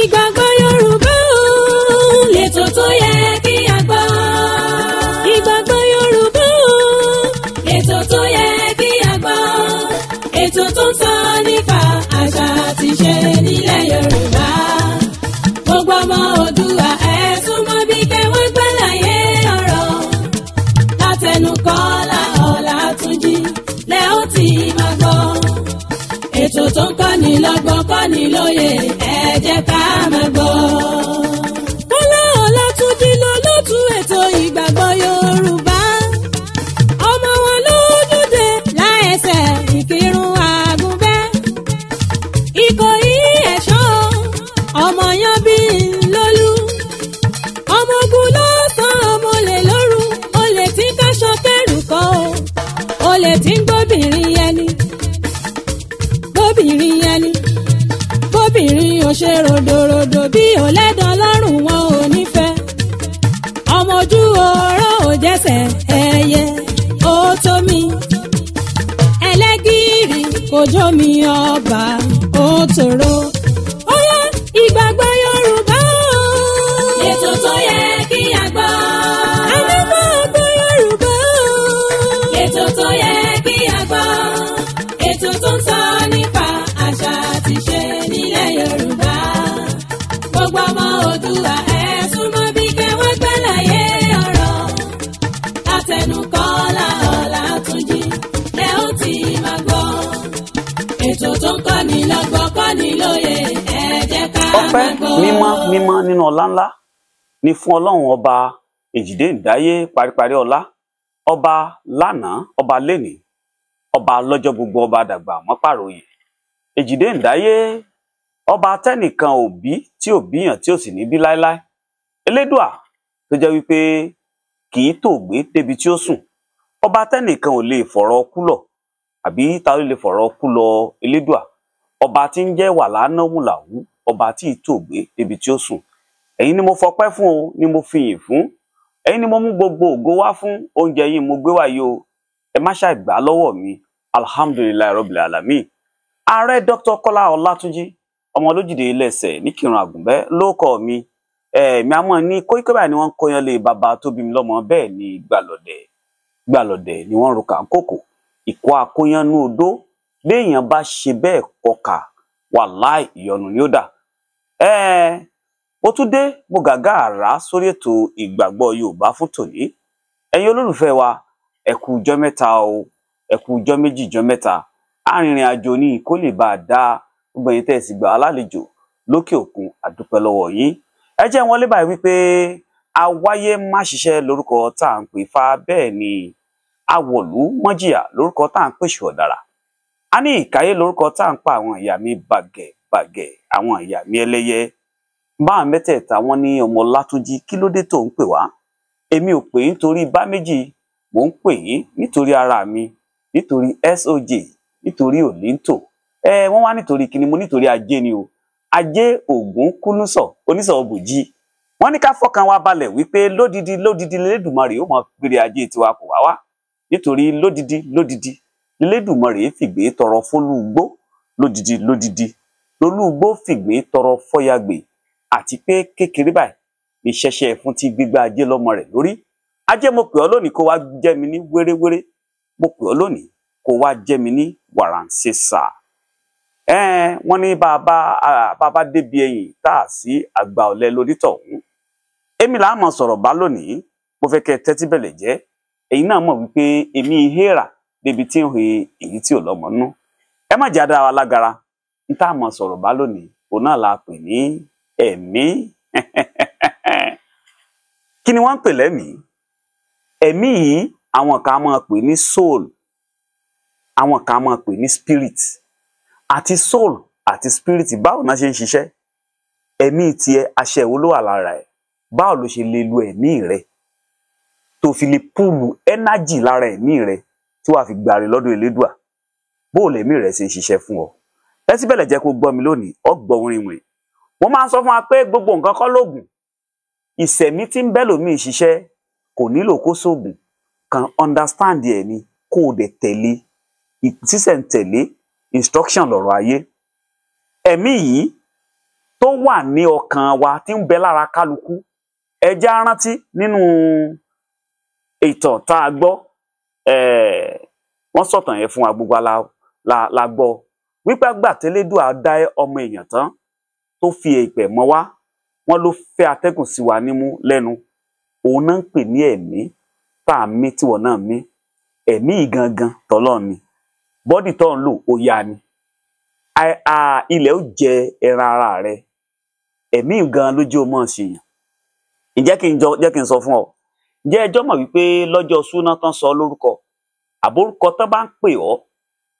ìgbàgbọ́ Yorùbá ò lẹ́tọ̀ tó yẹ kí a gbọ́. ìgbàgbọ́ Yorùbá ò lẹ́tọ̀ tó yẹ kí a gbọ́. ètò tó ń sọ nípa àṣà àti ìṣe nílẹ̀ Yorùbá. ètò tó ń kọ́ni lọ́gbọ́n kọ́ni lóye ẹ jẹ́ ká máa gbọ́. èèyàn ṣe ròdòròdò bí ọ̀lẹ́dàn lọ́rùn wọn ò nífẹ̀ẹ́ ọmọ ojú ọ̀rọ̀ ò jẹ́sẹ̀ ẹyẹ ó tó mi ẹlẹ́gìrì kò jó mi ọba ó tòrò. ọpẹ́ mímọ́ mímọ́ nínú ọlá ńlá ni fún Ọlọ́run ọba èjìdé ìdáyé paríparí ọlá ọba lánàá ọba lénìí ọba lọ́jọ́ gbogbo ọba dàgbà mọpàròyè èjìdé ìdáyé ọba tẹnìkan òbí tí ò bíyàn tí ò sì ní bí láéláé elédùà tó jẹ́ wípé kì í tòògbé débi tí ó sùn ọba tẹnìkan ò lè fọ̀rọ̀ kú lọ àbí ta ló lè fọ̀rọ̀ kú lọ elédùà ọba tí ń jẹ́ wàhálà náà mùlàwù ọba tí ì tògbé débi tí ó sùn ẹ̀yin ni mo fọpẹ́ fún o ni mo fìyìn fún ẹ̀yin ni mo mú gbogbo ògo wá fún oúnjẹ yìí mo gbé wá yìí o ẹ má ṣàì gbà lọ́wọ́ mi alhamdulilayi rabbil alamin ààrẹ dr kọlá ọlátúnjì ọmọ olójìdè lẹsẹ níkìrun àgùnbẹ lóòkọ mi èmi àmọ ní kóríkó báyìí ni wọn ń kọyan lé bàbá tó mi lọ́mọ bẹ́ẹ̀ ni gbàlọdẹ gbàlọdẹ ni wọn ro kàńkòkò ìkọ àkóyanú odó béèyàn bá ṣe bẹ́ẹ̀ kọkà wàláì ìyọnu ni ó dà um mo tún dé mo gàgà àrá sórí ètò ìgbàgbọ́ yorùbá fún tòní ẹ̀yin olólùfẹ́ wa ẹ kú ọjọ́ mẹ́ta o ẹ kú méjì ọjọ́ mẹ́ta arìnrìn àjò ni kó lè bá a dá gbogbo ẹ̀yin tẹ́ ẹ sì gbà á lálejò lókè òkun a dúpẹ́ lọ́wọ́ yín ẹ jẹ́ wọ́n lé báyìí wípé awáyé má ṣiṣẹ́ lórúkọ tá à ń pè fa bẹ́ẹ̀ ni awọ̀lú mọ́jìyà lórúkọ tá à ń pèsè ọ̀dàrà a ní ìkáyé lórúkọ tá à ń pa àwọn ìyá mi bàgẹ́ bàgẹ́ àwọn ìyá mi ẹlẹ́yẹ báwọn mẹ́tẹ̀ẹ̀ta wọn ní ọmọ látúnjí kí ló dé tó ń pè wá èmi ò pè é nítorí bá méjì mò ń pè é nítorí ara mi nítorí soj nítorí òlíntò ẹ wọn wá nítorí kíni mo nítorí ajé ni o ajé ògún kúnúsọ onísọ òbòjì wọn ní ká fọkàn wa balẹ̀ wípé lódidi lódidi lẹlẹdùmarè ó mọ pèrè ajé tiwa kò wá wá nítorí lódidi lódidi lẹlẹdùmarè fìgbé tọrọ fólúgbó lódidi lódidi lolúgbó fìgbé tọrọ fọyàgbé àti pé kékeré báyìí ní ṣẹṣẹ ẹfun ti gbígbá ajé lọmọ rẹ lórí ajé mo pè ọ lónìí kó wá jẹ mi ní wéréwéré mo pè ọ lónìí kó wá jẹ mi ní wàràǹṣeṣà ẹn wọn ní bàbá bàbá débi ẹyìn tá a sí àgbà ọlẹ lónítọ̀hún èmi là á mọ sọ̀rọ̀ bá lónìí mo fẹ́ kẹ́ tẹ́tí bẹ̀lẹ̀ jẹ́ ẹ̀yin náà mọ̀ wípé èmi hẹrà débi tí ń he èyí tí ò lọmọ nú ẹ má jẹ́ àdára wa n tá a mọ sọ̀rọ̀ bá lónìí òun náà la pè ní ẹ̀mí kí ni wọ́n ń pè lẹ́mìí ẹ̀mí yìí àwọn kan máa pè ní soul àwọn kan máa pè ní spirit àti soul àti spirit báwo náà ṣe ń ṣiṣẹ́ ẹ̀mí tiẹ̀ aṣẹ ìwo ló wà lára ẹ̀ báwo ló ṣe lè lu ẹ̀mí rẹ tó fi lè púùlù ẹnájì lára ẹ̀mí rẹ tí wàá fi gbàre lọ́dọ̀ Elédùà bó o lẹ̀mí rẹ ṣe ń ṣiṣẹ́ fún ọ ẹ sì bẹ̀lẹ̀ jẹ́ kó gbọ́ mi lónìí ọgbọ̀n orin wìn wọ́n máa ń sọ fún wa pé gbogbo nǹkan kọ́ lóògùn ìṣẹ̀mí tí ń bẹ́ lòmíì ṣiṣẹ́ kò nílò kó sóògùn kan understand ẹ̀ ni kó o dẹ̀ tẹ̀lé sísẹ̀ntẹ̀lé instruction lọ̀rọ̀ ayé ẹ̀mí yìí tó wà ní ọkàn wa tí ń bẹ lára kálukú ẹ jẹ́ á rántí nínú ìtàn tá a gbọ́ wọ́n sọ̀tàn yẹn fún wa gbogbo la la gbọ́ wípé àgbàtẹlẹdùà dá ọmọ èèyàn tán tó fi èèpẹ̀ mọ́ wá wọn ló fẹ́ atẹ́gùn sí wa nímú lẹ́nu òun náà ń pè ní ẹ̀mí tá a mí tíwọ náà mí ẹ̀mí yìí gangan tọlọ ni bọ́dì tó ń lò ó yá ni ilẹ̀ ó jẹ ẹran ara rẹ ẹ̀mí gan ló jẹ́ o mọ̀ ṣèyàn ǹjẹ́ kí n jọ jẹ́ kí n sọ fún ọ ǹjẹ́ ẹjọ́ mọ̀ wípé lọ́jọ́ súná tán sọ lórúkọ àbórúkọ tán bá ń pè ọ́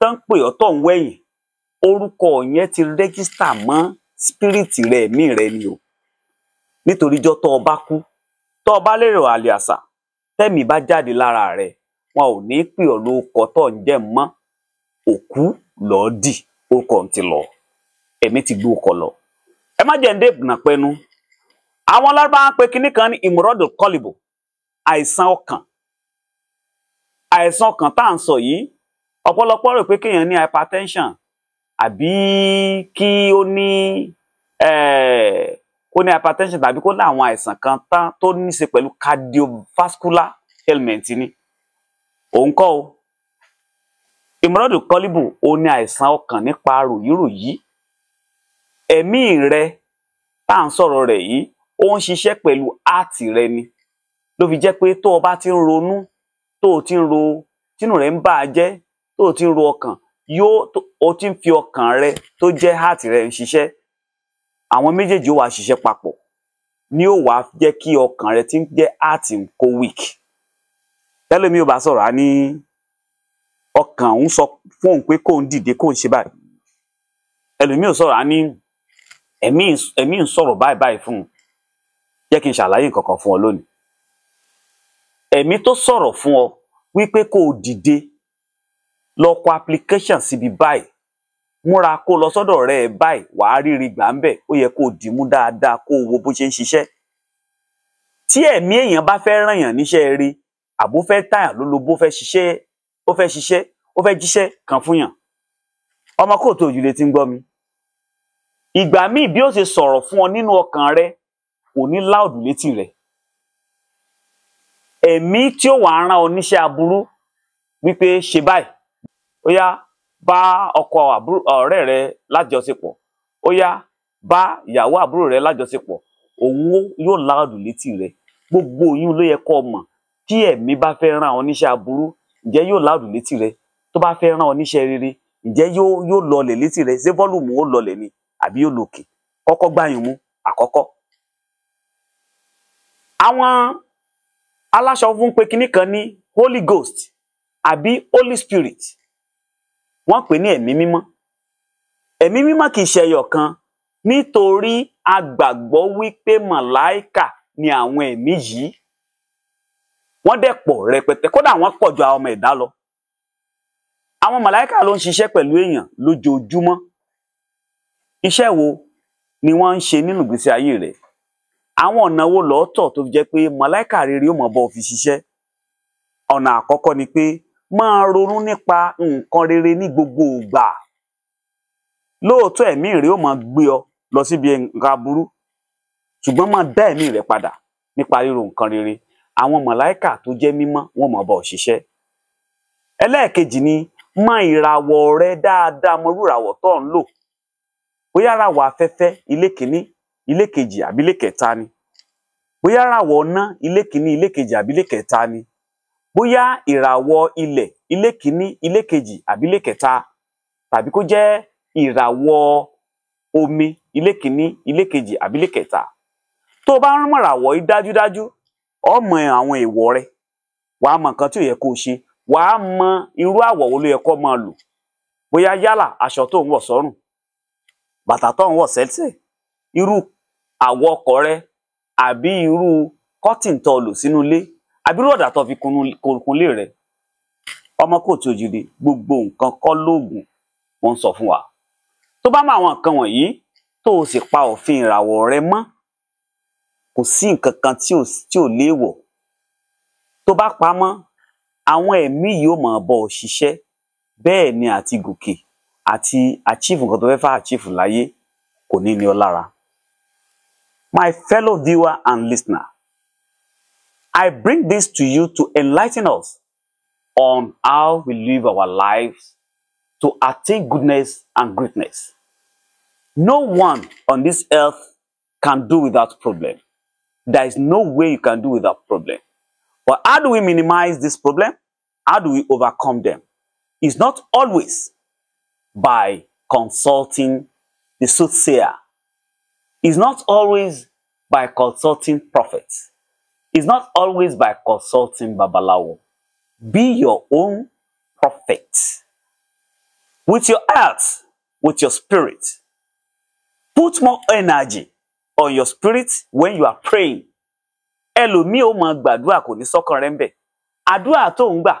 tán ń pè ọ́ tó ń wẹ̀yìn orúkọ yẹn ti rẹ́gísítà mọ́ spiriti rẹ ẹ̀mí rẹ ni o nítorí jọ́ tó o bá kú tó o bá lérò àlìàṣà tẹ́mi bá jáde lára rẹ wọn ò ní pè ọ́ lórúkọ tó ń jẹ́ mọ́ òkú lọ́ọ́ dì orúkọ ti lọ ẹ̀mí ti gbé orúkọ lọ ẹ má jẹ́ ń dé ìbùnà pẹ́nu àwọn lárúbáwá pé kinní kan ní ìmúrọ́dù kọlìbò àìsàn ọkàn àìsàn ọkàn tá à ń sọ yìí ọ̀pọ̀lọpọ̀ rò pé kéèyàn ní hypertension àbí kí ó ní eh, kó ní hypertension tàbí kó ní àwọn àìsàn kan tán tó ní í ṣe pẹ̀lú cardiovascular ailment ni òun kọ́ o ìmọ̀rọ̀dù kọ́líbù ó ní àìsàn ọkàn nípa ròyìnròyìn ẹ̀mí rẹ tá à ń sọ̀rọ̀ rẹ̀ yìí ó ń ṣiṣẹ́ pẹ̀lú áàtì rẹ ni ló fi jẹ́ pé tó o bá ti ń ronú tó o ti ń ro tínú rẹ̀ ń bà á jẹ́ tó o ti ń ro ọkàn yóò o ti ń fi ọkàn rẹ tó jẹ́ heart rẹ ń ṣiṣẹ́ àwọn méjèèjì ó wàá ṣiṣẹ́ ni ó wàá jẹ́ kí ọkàn rẹ ti ń jẹ́ heart ń kó weak tẹ́lẹ̀mí ò bá sọ̀rọ̀ á ní ọkàn ń sọ fún òun pé kóun dìde kóun ṣe báyìí ẹlòmíì ò sọ̀rọ̀ á ní ẹ̀mí ń sọ̀rọ̀ báyìí báyìí fún un jẹ́ kí n ṣàlàyé nǹkan kan fún ọ lónìí ẹ̀mí tó sọ̀rọ̀ fún ọ wípé kó o dìde lọ kọ application síbi báyìí múra kó lọ sọ́dọ̀ rẹ ẹ báyìí wàá rírí gbà ń bẹ ó yẹ kó dìímú dáadáa kó wo bó ṣe ń ṣiṣẹ́ tí ẹ̀mí èèyàn bá fẹ́ ràn yàn níṣẹ́ rí àbó fẹ́ tàyàn lólobó fẹ́ ṣiṣẹ́ ó fẹ́ ṣiṣẹ́ ó fẹ́ jíṣẹ́ kan fún yàn ọmọ kóòtù òjìlé ti ń gbọ́ mi ìgbà míì bí ó ṣe sọ̀rọ̀ fún ọ nínú ọkàn rẹ kò ní láòdù létí rẹ ẹ̀mí tí ó wàá rán ọ níṣẹ́ aburú wípé ṣe báyìí ó yá bá ọkọ ọ̀rẹ́ rẹ lájọṣepọ̀ ó yá bá ìyàwó àbúrò rẹ lájọṣepọ̀ òun yóò láàdù létí rẹ gbogbo yín ló yẹ kó o mọ̀ kí ẹ̀mí bá fẹ́ rán ọ níṣẹ́ aburú ǹjẹ́ yóò láàdù létí rẹ tó bá fẹ́ rán ọ níṣẹ́ rere ǹjẹ́ yóò yóò lọlẹ̀ létí rẹ ṣé fọ́lùmù ó lọlẹ̀ ni àbí yóò lòkè kọ́kọ́ gbàyàn mú àkọ́kọ́. àwọn aláṣọ fún pé kinní kan ní Holy Ghost àbí Holy Spirit wọ́n pè ní ẹ̀mí mímọ́ ẹ̀mí mímọ́ kì í ṣe ẹyọ kan nítorí a gbàgbọ́ wípé màláìkà ni àwọn ẹ̀mí yìí wọ́n dẹ̀ pọ̀ rẹpẹtẹ kódà wọ́n pọ̀ ju àwọn ọmọ ẹ̀dá lọ àwọn màláìkà ló ń ṣiṣẹ́ pẹ̀lú èèyàn lójoojúmọ́ iṣẹ́ wo ni wọ́n ń ṣe nínú ìgbésí ayé rẹ̀ àwọn ọ̀nà wo lọ́ọ̀tọ̀ tó fi jẹ́ pé màláìkà rere yóò mọ̀ bọ́ fi ṣiṣẹ́ ọ̀nà àkọ́kọ́ ni pé máa ronú nípa nǹkan rere ní gbogbo ìgbà lóòótọ́ ẹ̀mí rẹ ó máa gbé ọ lọ síbi nǹkan aburú ṣùgbọ́n máa dá ẹ̀mí rẹ padà nípa ríro nǹkan rere àwọn mọ̀láìkà tó jẹ́ mímọ́ wọn máa bá ọ ṣiṣẹ́ ẹlẹ́ẹ̀kejì ni mọ ìràwọ̀ rẹ dáadáa mọ rúràwọ̀ tó ń lò bóyá ràwọ̀ afẹ́fẹ́ ilé kìíní ilé kejì àbí kẹta ni bóyá ràwọ̀ ọ̀nà ilé kìíní ilé kejì àbí kẹta ni bóyá ìràwọ̀ ilẹ̀ ilé kìíní ilé kejì àbí ilé kẹta tàbí kó jẹ́ ìràwọ̀ omi ilé kìíní ilé kejì àbí ilé kẹta tó o bá ń mọ̀ ràwọ̀ yìí dájúdájú o mọ̀ àwọn èèwọ̀ rẹ wà á mọ̀ nǹkan tí ò yẹ kó o ṣe wà á mọ̀ irú àwọ̀ wo ló yẹ kó o máa lò bóyá yálà aṣọ tó ń wọ̀ sọ́rùn bàtà tó ń wọ̀ sẹ́sẹ̀ irú àwọ̀ ọkọ̀ rẹ àbí irú kọ́tìn lò sínú ilé àbírú tó fi kunlé rẹ̀ ọmọ kò tí gbogbo nǹkan kọ́ lóògùn wọ́n sọ fún wa tó bá mọ àwọn nǹkan wọ̀nyí tó o sì pa òfin ìràwọ̀ rẹ mọ́ kò sí nǹkan kan tí ò léèwọ̀ tó bá pa mọ́ àwọn ẹ̀mí yìí ó máa bọ̀ ṣiṣẹ́ bẹ́ẹ̀ ni àti gòkè àti achieve nǹkan tó fẹ́ fà achieve láyé kò ní ní ọ lára. My fellow viewer and listener I bring this to you to enlighten us on how we live our lives to attain goodness and greatness. No one on this earth can do without problem. There is no way you can do without problem. But how do we minimize this problem? How do we overcome them? It's not always by consulting the soothsayer. It's not always by consulting prophets. Is not always by consulting Babalawo. Be your own prophet. With your heart, with your spirit. Put more energy on your spirit when you are praying. Elo ó máa gbàdúrà kò ní sọ́kàn rẹ̀ ń bẹ̀. Àdúrà tó ń gbà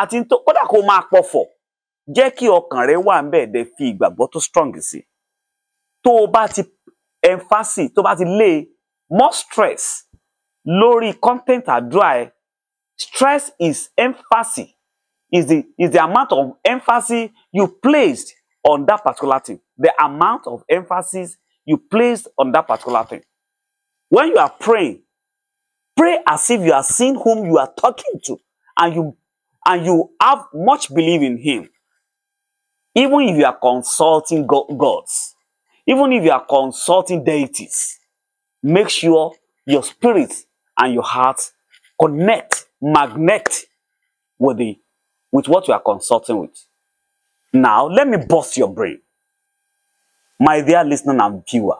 àti tó kódà kó máa pọ̀fọ̀ jẹ́ kí ọkàn rẹ̀ wà ń bẹ̀ dẹ̀ fi ìgbàgbọ́ tó strong sí. Tó o ti emphasis tó bá ti lé e, more stress lórí content are dry. stress is emphasis is the is the amount of emphasis you placed on that particular thing the amount of emphasis you placed on that particular thing when you are praying pray as if you are seeing whom you are talking to and you and you have much belief in him even if you are consulting go gods even if you are consulting deities make sure your spirit and your heart connect, magnet with the with what you are consulting with. Now, let me bust your brain. My dear listener and viewer,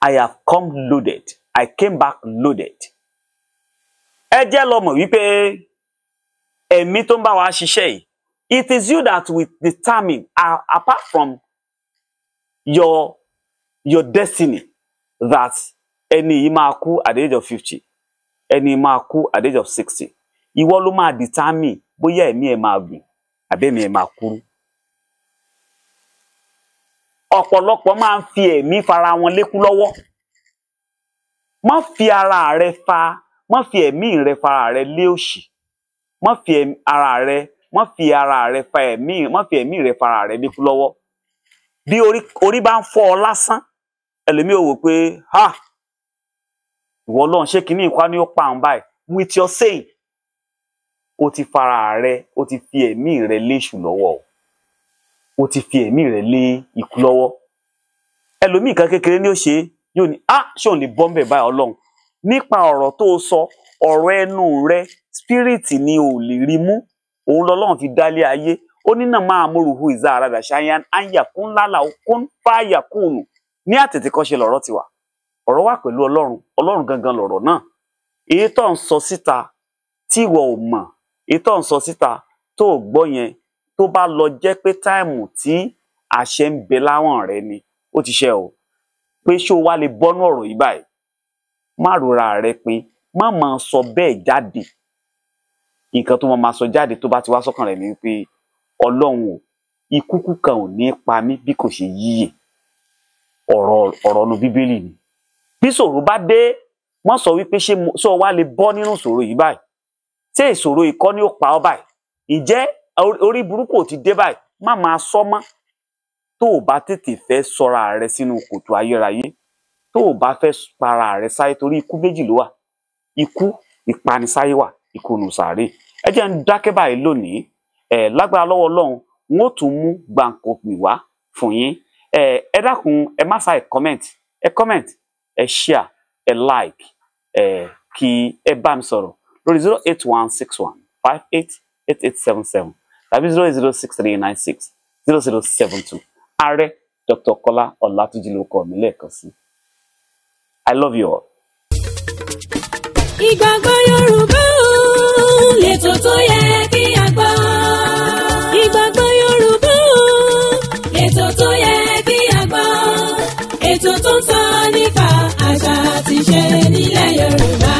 I have come loaded. I came back loaded. Ẹ jẹ́ lọ mọ̀ wípé ẹ̀mí tó It is you that will determine uh, apart from your your destiny that any imaku at the age of fifty ẹni máa kú at the age of sixty ìwọ ló máa determine bóyá ẹ̀mí ẹ̀ máa gùn àbí ẹ̀mí ẹ̀ máa kúrú ọ̀pọ̀lọpọ̀ máa ń fi ẹ̀mí fara wọn lékú lọ́wọ́ má fi ara rẹ fa má fi ẹ̀mí rẹ fara rẹ lé òṣì má fi ara rẹ má fi ara rẹ fa ẹ̀mí má fi ẹ̀mí rẹ fara rẹ lékú lọ́wọ́ bí orí bá ń fọ́ ọ lásán ẹlòmíì ò wò pé ha ìwọ Ọlọ́run ṣé kinní ìkwá ni ó pa àwọn báyìí with your saying o ti fara rẹ o ti fi ẹ̀mí rẹ léṣù lọ́wọ́ o o ti fi ẹ̀mí rẹ lé ikú lọ́wọ́ ẹlòmíì kan kékeré ni ó ṣe yóò ní ah ṣé ò ní bọ́m̀bẹ̀ báyìí Ọlọ́run nípa ọ̀rọ̀ tó o sọ ọ̀rọ̀ ẹnu rẹ spiriti ni ò lè rí mú òun lọ́lọ́run fi dálé ayé ó ní náà máa múruhu ìzáradà ṣáyán áyàkún lálàó kún fáyàkún ní àtètèkọ́ṣe lọ̀rọ̀ tiwa ọ̀rọ̀ wà pẹ̀lú ọlọ́run ọlọ́run gangan lọ̀rọ̀ náà èyí tó ń sọ síta tí ìwọ ò mọ̀ èyí tó ń sọ síta tó ò gbọ́ yẹn tó bá lọ jẹ́ pé táìmù tí àṣẹ ń bẹ láwọn rẹ ni ó ti ṣe o pé ṣé o wá lè bọ́nú ọ̀rọ̀ yìí báyìí má rora rẹ pé má máa sọ bẹ́ẹ̀ jáde nǹkan tó máa sọ jáde tó bá ti wá sọ́kàn rẹ̀ ni pé ọlọ́run o ikú kúkan ò ní pa mí bí kò ṣe yíyè ọ̀rọ̀ ọ̀rọ̀ nu bíbélì ni bí ṣòro bá dé wọ́n sọ wípé ṣé sọ wá lè bọ́ nínú ìṣòro yìí báyìí ṣé ìṣòro yìí ni ó pa ọ́ báyìí ǹjẹ́ orí burúkú ò ti dé báyìí má máa sọ mọ́ tó o bá tètè fẹ́ sọra rẹ sínú kòtò ayérayé tó o bá fẹ́ para rẹ sáyé torí ikú méjì ló wà ikú ìpanisáyé wà ikú nùsàárè ẹ jẹ́ ń dákẹ́ báyìí lónìí ẹ̀ lágbára lọ́wọ́ ọlọ́run wọn ò tún mú gbàǹkó pè wá fún yín ẹ dákun ẹ má ṣàì comment ẹ comment ẹ share ẹ like ẹ kí ẹ bá mi sọ̀rọ̀ lórí zero eight one six one five eight eight eight seven seven tàbí zero eight zero six three nine six zero zero seven two ààrẹ Dr. Kola Ọlátúnjí ló kọ mi lẹ́ẹ̀kan sí i love you all. ìgbàgbọ́ Yorùbá ò lè tó tó yẹ kí a ti ṣe nílẹ̀ Yorùbá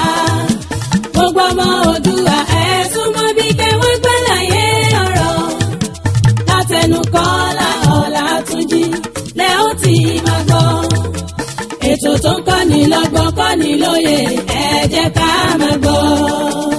gbogbo ọmọ Oòduà ẹ̀ súnmọ́ bí kẹwọ́n gbàlàyé ọ̀rọ̀ látẹnu Kọ́lá Ọlátúnjí lẹ́ ó ti máa gbọ́ ètò tó ń kọ́ni lọ́gbọ́n kọ́ni lóye ẹ ká máa gbọ́.